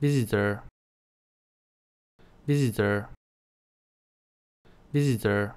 visitor visitor visitor